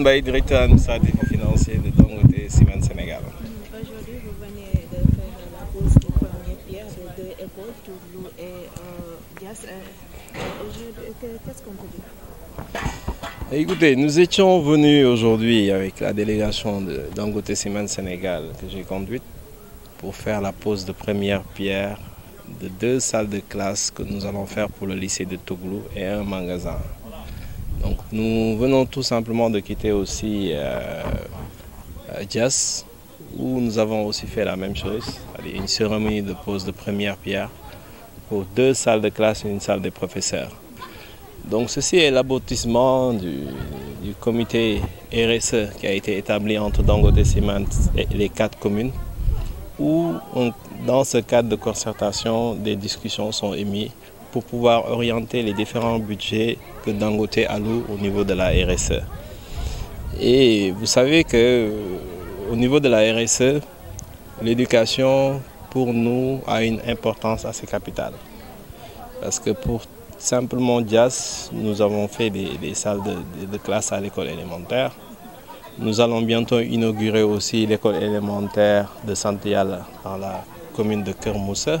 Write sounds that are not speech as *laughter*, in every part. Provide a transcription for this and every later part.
Abdoulaye Mbaye, directeur administratif et financier de Dangote Cement Sénégal. Aujourd'hui, vous venez de faire la pose des premières pierres de deux écoles, Toulouse et euh, Diass. Euh, euh, qu'est-ce qu'on peut dire? Écoutez, nous étions venus aujourd'hui avec la délégation de Dangote Cement Sénégal que j'ai conduite pour faire la pose de première pierre de deux salles de classe que nous allons faire pour le lycée de Touglou et un magasin. Nous venons tout simplement de quitter aussi euh, Jazz, euh, où nous avons aussi fait la même chose, une cérémonie de pose de première pierre pour deux salles de classe et une salle des professeurs. Donc ceci est l'aboutissement du, du, comité RSE qui a été établi entre Dangote Cement et les quatre communes, où on, dans ce cadre de concertation, des discussions sont émises pour pouvoir orienter les différents budgets que Dangote alloue au niveau de la RSE. Et vous savez que euh, au niveau de la RSE, l'éducation pour nous a une importance assez capitale. Parce que pour simplement JAS, nous avons fait des, des salles de, de, de classe à l'école élémentaire. Nous allons bientôt inaugurer aussi l'école élémentaire de Santial dans la commune de Kermoussa.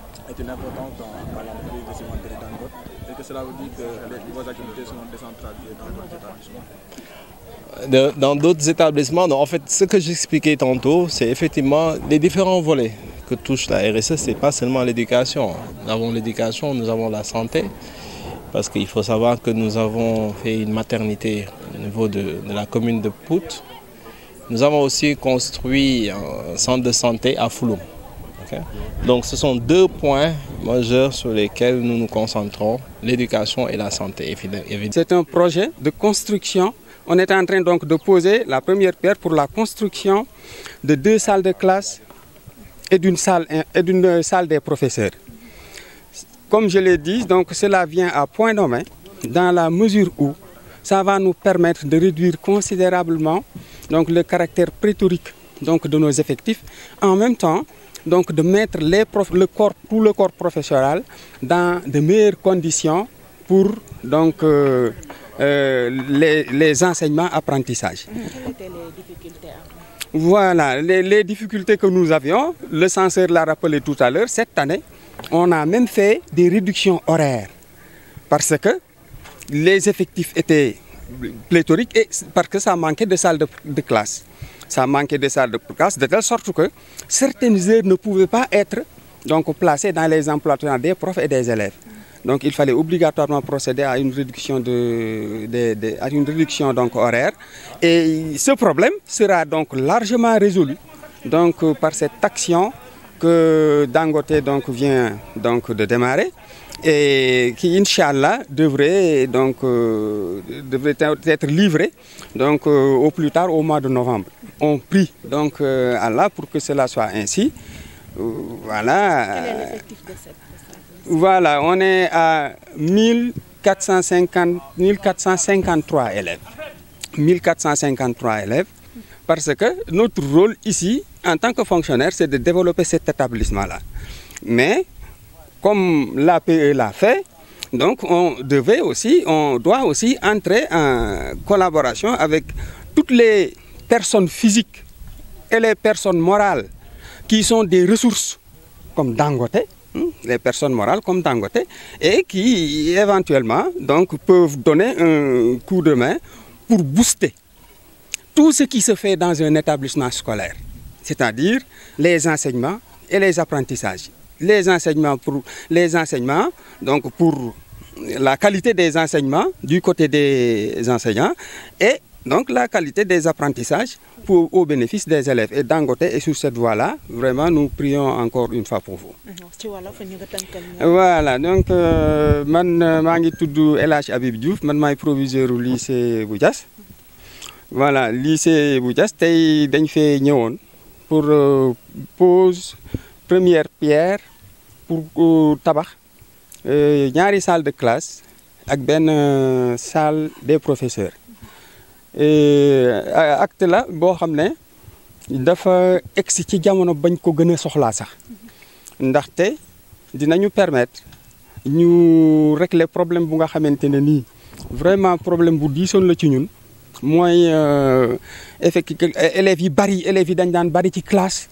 est une importance dans, dans la maîtrise de cimenterie d'Angote Est-ce que cela veut dire que les, vos activités sont décentralisées dans d'autres établissements de, dans d'autres établissements, non, en fait, ce que j'expliquais tantôt, c'est effectivement les différents volets que touche la RSE, ce n'est pas seulement l'éducation. Nous avons l'éducation, nous avons la santé, parce qu'il faut savoir que nous avons fait une maternité au niveau de, de la commune de Pout. Nous avons aussi construit un centre de santé à Fouloum. africain. Donc ce sont deux points majeurs sur lesquels nous nous concentrons, l'éducation et la santé. C'est un projet de construction. On est en train donc de poser la première pierre pour la construction de deux salles de classe et d'une salle, et d'une salle des professeurs. Comme je l'ai dit, donc cela vient à point nommé dans la mesure où ça va nous permettre de réduire considérablement donc, le caractère prétorique donc, de nos effectifs. En même temps, donc de mettre les prof, le corps, tout le corps professoral dans de meilleures conditions pour donc, euh, euh, les, les enseignements-apprentissages. Voilà, les, les, difficultés que nous avions, le censeur l'a rappelé tout à l'heure, cette année, on a même fait des réductions horaires parce que les effectifs étaient pléthoriques et parce que ça manquait de salles de, de classe. ça manquait de salles de classe, de telle sorte que certaines heures ne pouvaient pas être donc, placées dans les emplois des profs et des élèves. Donc il fallait obligatoirement procéder à une réduction, de, de, de à donc, horaire. Et ce problème sera donc largement résolu donc, par cette action que Dangote donc, vient donc, de démarrer. et qui, Inch'Allah, devrait, donc, euh, devrait être livré donc, euh, au plus tard au mois de novembre. On prie donc à euh, Allah pour que cela soit ainsi. Euh, voilà. Quel est l'effectif de cette Voilà, on est à 1450, 1453 élèves. 1453 élèves. Parce que notre rôle ici, en tant que fonctionnaire, c'est de développer cet établissement-là. Mais comme l'APE l'a fait, donc on devait aussi, on doit aussi entrer en collaboration avec toutes les personnes physiques et les personnes morales qui sont des ressources comme Dangote, les personnes morales comme Dangote, et qui éventuellement donc, peuvent donner un coup de main pour booster tout ce qui se fait dans un établissement scolaire, c'est-à-dire les enseignements et les apprentissages. les enseignements pour les enseignements donc pour la qualité des enseignements du côté des enseignants et donc la qualité des apprentissages pour, au bénéfices des élèves et Dangote est sur cette voie-là vraiment nous prions encore une fois pour vous. Mhm. voilà donc euh, man euh, maa ngi tudd El Hadj Habib Diouf man maay proviseur u lycée bu Diass voilà lycée bu Diass tey dañ fee ñëwoon pour euh, pose première pierre pour euh, tabax euh, ñaari salle de classe ak benn euh, salle des professeurs acte la boo xam ne dafa egsi ci jamono bañ ko gën a soxlaa sax ndaxte dinañu permettre ñu régler problème bu nga xamante ne nii vraiment problème bu diisoon la ci ñun mooy effectivement élèves yi bari élèves yi dañ daan bari ci classe.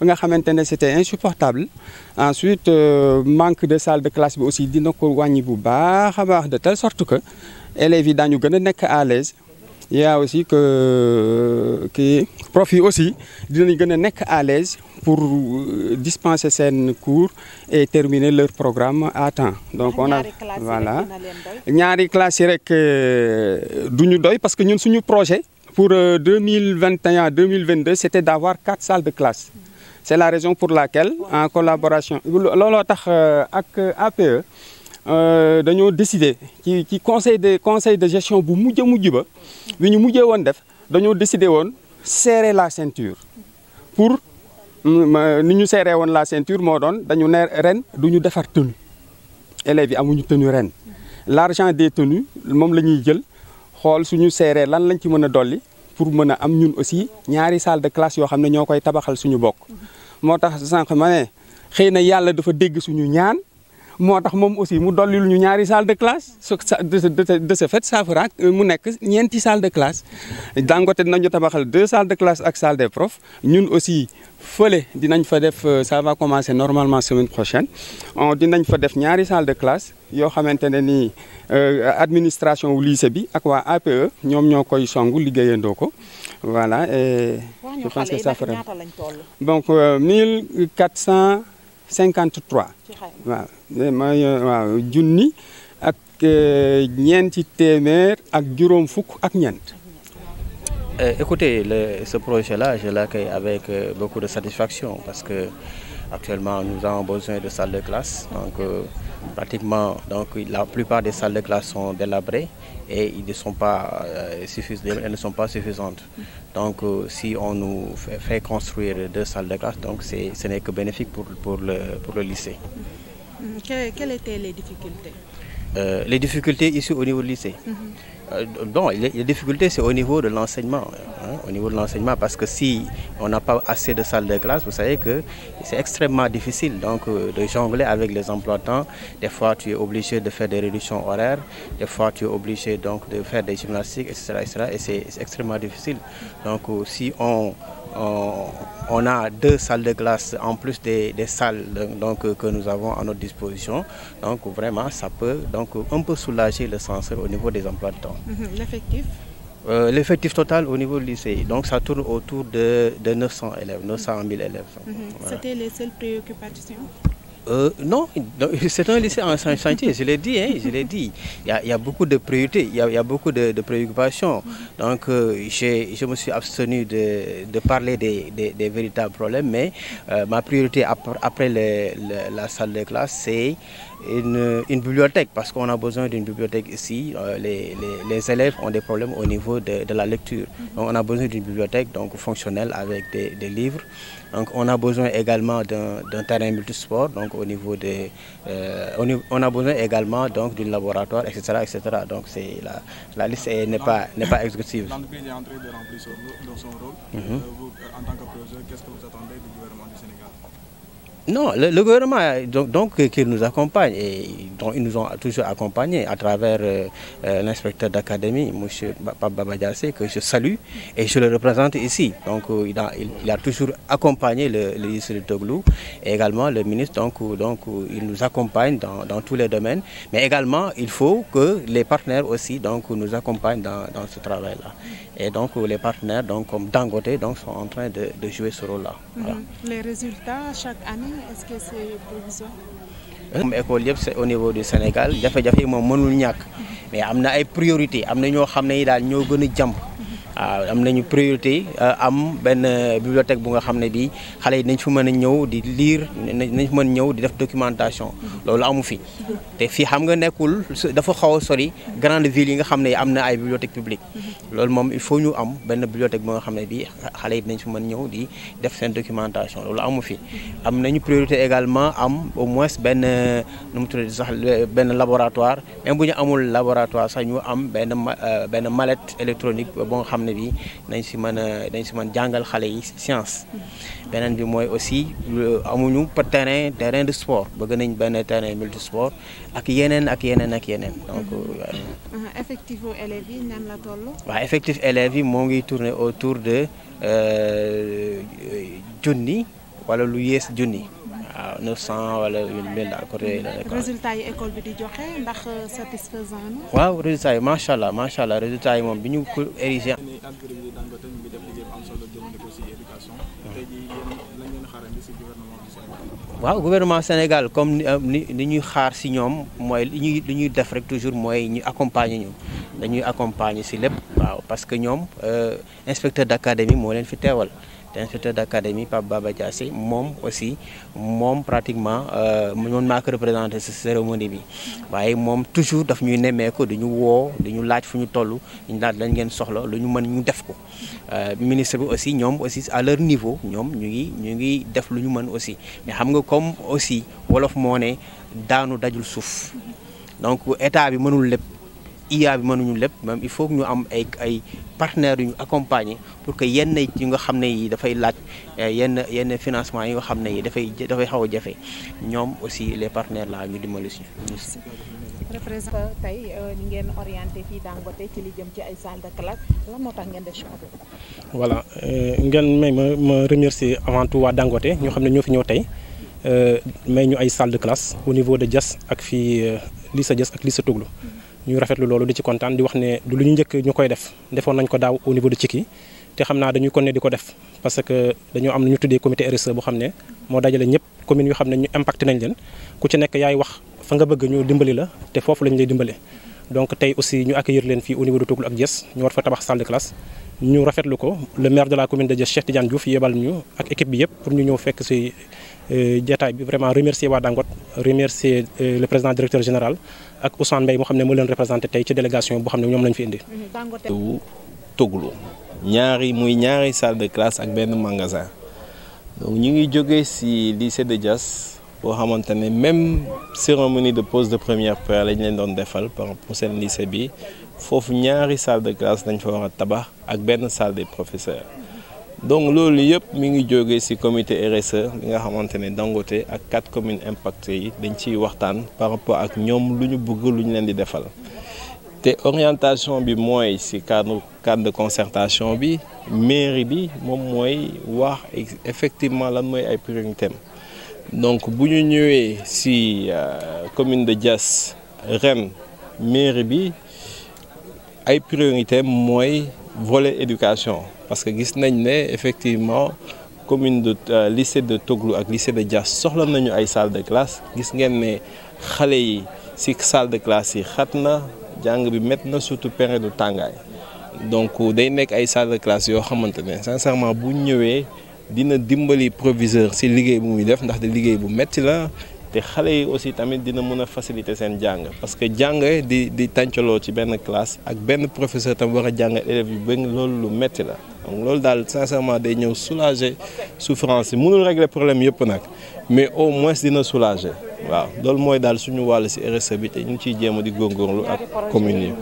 ba nga xamante ne c'était insupportable ensuite euh, manque de salle de classe bi aussi dina ko wàññi bu baax a baax de telle sorte que élèves yi daañu gën a nekk à l'aise yaa aussi que kii euh, prof aussi dinañ gën a nekk à l'aise pour euh, dispenser seen cours et terminer leur programme à temps donc on a ñaari classes yi rek du ñu doy parce que ñun suñu projet pour deux mille vingt et un deux mille vingt deux c'était d'avoir quatre salles de classe c'est la raison pour laquelle en collaboration looloo tax euh, ak euh, APE euh, dañoo décider ci ci conseil de conseil de gestion bu mujj a mujj ba bi ñu mujjee woon def dañoo décider woon serrer la ceinture pour mm, ni ñu serré woon la ceinture moo doon dañu ne ren du ñu defar tenue élèves yi amuñu tenue ren l'argent des tenues moom la ñuy jël xool suñu serré lan lañ ci mën a dolli pour mën a am ñun aussi ñaari sale de classe yoo xam ne ñoo koy tabaxal suñu bokk moo tax sànq ma ne xëy na yàlla dafa dégg suñu ñaan moo tax moom aussi mu dollil ñu ñaari salle de classe de ce fait ça fera euh, mu nekk ñeenti salle de classe Dangote dinañu tabaxal deux salles de classe ak salle des profs ñun aussi fële dinañ fa def sa euh, va commencer normalement semaine prochaine on dinañ fa def ñaari salle de classe yoo xamante ne nii euh, administration wu lycée bi ak waa APE ñoom ñoo koy songu liggéeyandoo ko voilà et je pense que ça donc 53 waaw mooy waaw junni ak euh, ñeenti téeméer ak juróom fukk ak ñeent euh, écoutez le, ce projet la là la l'accueille avec euh, beaucoup de satisfaction parce que Actuellement, nous avons besoin de salles de classe. Donc, euh, pratiquement, donc, la plupart des salles de classe sont délabrées et ils ne sont pas, euh, elles ne sont pas suffisantes. Donc, euh, si on nous fait, fait, construire deux salles de classe, donc ce n'est que bénéfique pour, pour, le, pour le lycée. Mm-hmm. Que, quelles étaient les difficultés euh, Les difficultés ici au niveau du lycée. Mm -hmm. Euh, bon, les, les difficultés, c'est au niveau de l'enseignement. Hein, au niveau parce que si on n'a pas assez de salles de classe, vous savez que c'est extrêmement difficile donc, euh, de jongler avec les emplois de temps. Des fois, tu es obligé de faire des réductions horaires, des fois, tu es obligé donc, de faire des gymnastiques, etc. etc. et c'est extrêmement Donc, euh, si on, a deux salles de classe en plus de des salles donc, euh, que nous avons à notre disposition, donc vraiment, ça donc, euh, un peu soulager le sens au niveau des emplois de temps. enfants. Mhm, l'effectif. Euh, l'effectif total au niveau du lycée donc ça tourne autour de de neuf cent élèves neuf cent mille élèves. Mhm. Voilà. C'était les seules préoccupations. Euh, non *laughs* c'est un lycée en chantier je l'ai dit hein, je l'ai dit il y a il y a beaucoup de priorités il y a il y a beaucoup de de préoccupations mhm. donc euh, j'ai je me suis abstenu de de parler des des des véritables problèmes mais euh, ma priorité après, après le, le, la salle de classe c'est une, une bibliothèque, parce qu'on a besoin d'une bibliothèque ici. Euh, les, les, les, élèves ont des problèmes au niveau de, de la lecture. Mhm. Donc on a besoin d'une bibliothèque donc, fonctionnelle avec des, des, livres. Donc on a besoin également d'un terrain multisport, au niveau des... Euh, on, on, a besoin également donc laboratoire, etc. etc. Donc c'est la, la, liste n'est pas, n'est mhm. euh, en tant que professeur, qu'est-ce que vous attendez du gouvernement du Non, le, le gouvernement euh, donc, donc euh, qu'il nous accompagne et donc, ils nous ont toujours accompagnés à travers euh, euh, l'inspecteur d'académie, M. Babadiassé, que je salue et je le représente ici. Donc euh, il, a, il, il, a, toujours accompagné le, le ministre de Toglou et également le ministre, donc, euh, donc il nous accompagne dans, dans, tous les domaines. Mais également, il faut que les partenaires aussi donc, nous accompagnent dans, dans ce travail-là. Et donc les partenaires donc, comme Dangote donc, sont en train de, de jouer ce rôle-là. Voilà. Mm-hmm. Les résultats chaque année est-ce yëpp c'est au niveau de Sénégal jafe-jafe yi moom mënul ñàkk mais am na ay priorité am na ñoo xam ne daal ñoo gën a jàmp waaw ah, am nañu priorité ah, am benn euh, bibliothèque bu nga xam ne bii xale yi nañ fi mën a ñëw di lire nañ fi mën ñëw di def documentation loolu amu fi te fii xam nga nekkul dafa xaw a sori grande ville yi nga xam ne am na ay bibliothèque publique loolu moom il faut ñu am benn bibliothèque bu xam ne bii xale yi nañ fi mën ñëw di def seen documentation loolu amu fi am nañu priorité également am au moins benn nu mu tuddee sax benn laboratoire bu ñu amul laboratoire sax ñu am benn euh, benn mallette électronique bu nga xam xam ne nañ si mën a dañ si man jàngal xale yi science beneen bi mooy aussi euh, amuñu terrain terrain de sport bëgg nañ benn terrain multisport ak yeneen ak yeneen ak yeneen donc mhm. euh, effectif élèves yi nan la toll waaw effectif élèves yi moo ngi tourner autour de euh, junni wala lu yées junni waaw 900 wala 1000 à côté yooyu la nekk. Mm-hmm. yi école di joxe ndax satisfaisant na. macha allah macha allah résultat yi moom bi ñu ko érigé. waaw gouvernement Sénégal comme ni euh, ni ñuy xaar si ñoom mooy li ñuy li ñuy def rek toujours mooy ñu accompagner ñu dañuy accompagner si lépp. waaw parce que ñoom euh, inspecteur d'académie moo leen fi teewal. te inspecteur d'académie Pape Baba Diassé moom aussi moom pratiquement man maa ko représenté si cérémonie bi waaye moom toujours daf ñuy nemmeeku dañu woo dañu laaj fu ñu toll ñu dañ lañ ngeen soxla lu ñu mën ñu def ko euh, ministre bi aussi ñoom aussi à leur niveau ñoom ñu ngi ñu ngi def lu ñu mën aussi mais xam nga comme aussi wolof moo ne daanu dajul suuf donc état bi mënul lépp IA bi mënuñu lépp même il faut que ñu am ay ay partenaires yu ñu accompagner pour que yenn yi nga xam ne yi dafay laaj eh, yenn yenn financement yi nga xam ne yi dafay dafay xaw a jafe ñoom aussi les partenaires là ñu dimbali tey ñu euh, ngeen orienté fii Dangote ci li jëm ci ay salle de classe lan moo tax ngeen def choix boobu. voilà euh, ma ma remercier avant tout waa Dangote ñoo xam ne ñoo fi ñëw tey euh, may ñu ay salle de classe au niveau de jas ak fii sa Diass ak sa Touglou. Mm-hmm. ñu rafetlu loolu di ci kontaan di wax ne du lu ñu njëkk ñu koy def defoon nañ ko daaw au niveau de Cikki te xam naa dañuy continuer di ko def parce que dañoo am lu ñu tuddee comité RSE boo xam ne moo dajale ñëpp communes yoo xam ne ñu impacté nañ leen ku ci nekk yaay wax fa nga bëgg ñu dimbali la te foofu lañu lay dimbali. donc tey aussi ñu accueillir leen fii au niveau de Toucoul ak Diès ñu war fa tabax salle de classe ñu rafetlu ko le maire de la commune de Diès Cheikh Tidiane yebal ñu ak équipe ñëw fekk Euh, jataay bi vraiment remercier waa Dangote remercier euh, le président directeur général ak Ousmane Mbaye moo xam ne moo leen représenté tey ci délégation boo xam ne ñoom lañ fi indi. wu mhm, Toglu ñaari muy ñaari salle de classe ak benn magasin ñu ngi jóge si lycée de Diass boo xamante ne même cérémonie de pose de première pierre lañ leen doon defal pour seen lycée bi foofu ñaari salle de classe dañ fa war a tabax ak benn salle des professeurs. donc loolu yëpp mi ngi jóge ci comité RSE li nga xamante ne Dangote ak quatre commune impactées yi dañ ciy waxtaan par rapport ak ñoom lu ñu bëgg lu ñu leen di defal te orientation bi mooy ci cadre cadre de concertation bi mairie bi moom mooy wax effectivement lan mooy ay priorité am donc bu ñu ñëwee ci euh, commune de Diass ren mairie bi ay priorité mooy volet éducation parce que gis nañ ne effectivement commune de euh, lycée de Toglou ak lycée de Diass soxla nañu ay salle de classe gis ngeen ne xale yi ci salle de classe yi xat na jàng bi métti na surtout période tàngaay donc euh, day nekk ay salle de classe yoo xamante ne sincèrement bu ñëwee dina dimbali proviseur ci liggéey bu muy def ndax de liggéey bu métti la. te xale yi aussi tamit dina mën a faciliter seen jàng parce que jàng di di tàncaloo ci benn classe ak benn professeur tam war a jàngal élèves yu bëri loolu lu metti la donc loolu daal sincèrement day ñëw soulager souffrance yi mënul régler problème yëpp nag mais au moins dina soulager waaw loolu mooy daal suñu wàll si RSE bi te ñu ngi ciy jéem a di góorgóorlu ak communes yi.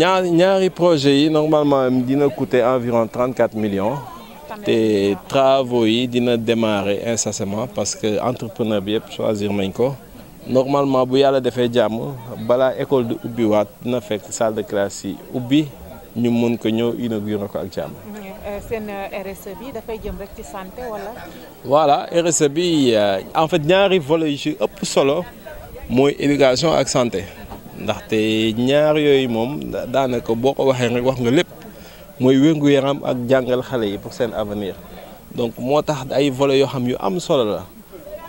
ñaari ñaari projet yi normalement dina coûter environ 34 millions. te travaux yi dina démarrer incessamment parce que entrepreneur bi yëpp choisir nañ ko normalement bu yàlla defee jàmm balaa école du ubbi waat dina fekk salle de classe yi ubbi ñu mën ko ñëw inaugurer ko ak jàmm. Euh, seen euh, RSE dafay jëm rek ci santé wala. voilà RSE bi euh, en fait ñaari volets yi si ëpp solo mooy éducation ak santé ndaxte ñaar yooyu moom daanaka boo ko waxee rek wax nga lépp. mooy wéngu yaram ak jàngal xale yi pour seen avenir donc moo tax ay vole yoo xam yu am solo la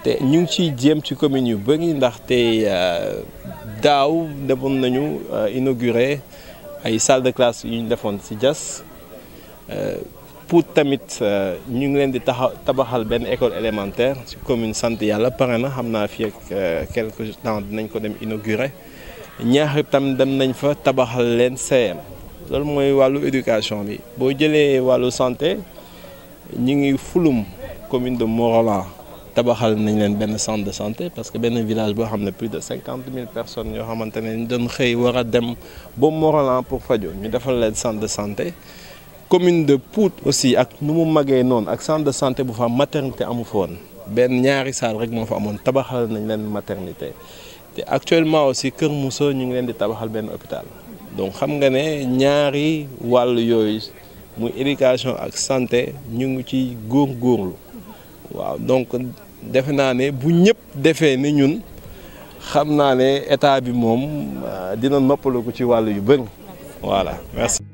te ñu ngi ciy jéem ci communes yu bëri ndaxte euh, daaw demoon nañu euh, inaugurer ay salle de classe yu ñu defoon ci Diass euh, pour tamit ñu ngi leen di taxaw tabaxal benn école élémentaire ci commune sant yàlla pare na xam naa fii ak quelque temps dinañ ko dem inaugurer ñaax tam dem nañ fa tabaxal leen CM. loolu mooy wàllu éducation bi boo jëlee wàllu santé ñu ngi fulum commune de Morolan tabaxal nañ leen benn centre de santé parce que benn village boo xam ne plus de cinquante mille personnes yoo xamante ne ñu doon xëy war a dem ba Morolan pour fajo ñu defal leen centre de santé commune de Pout aussi ak nu mu magee noonu ak centre de santé bu fa maternité amu foon benn ñaari saal rek moo fa amoon tabaxal nañ leen maternité te actuellement aussi Kër Moussa ñu ngi leen di tabaxal benn hôpital donc xam nga ne ñaari wàll yooyu muy éducation ak santé ñu ngi ci góorgóorlu waaw donc defe naa ne bu ñëpp defee ni ñun xam naa ne état bi moom euh, dina noppalu ko ci wàll yu bëri voilà merci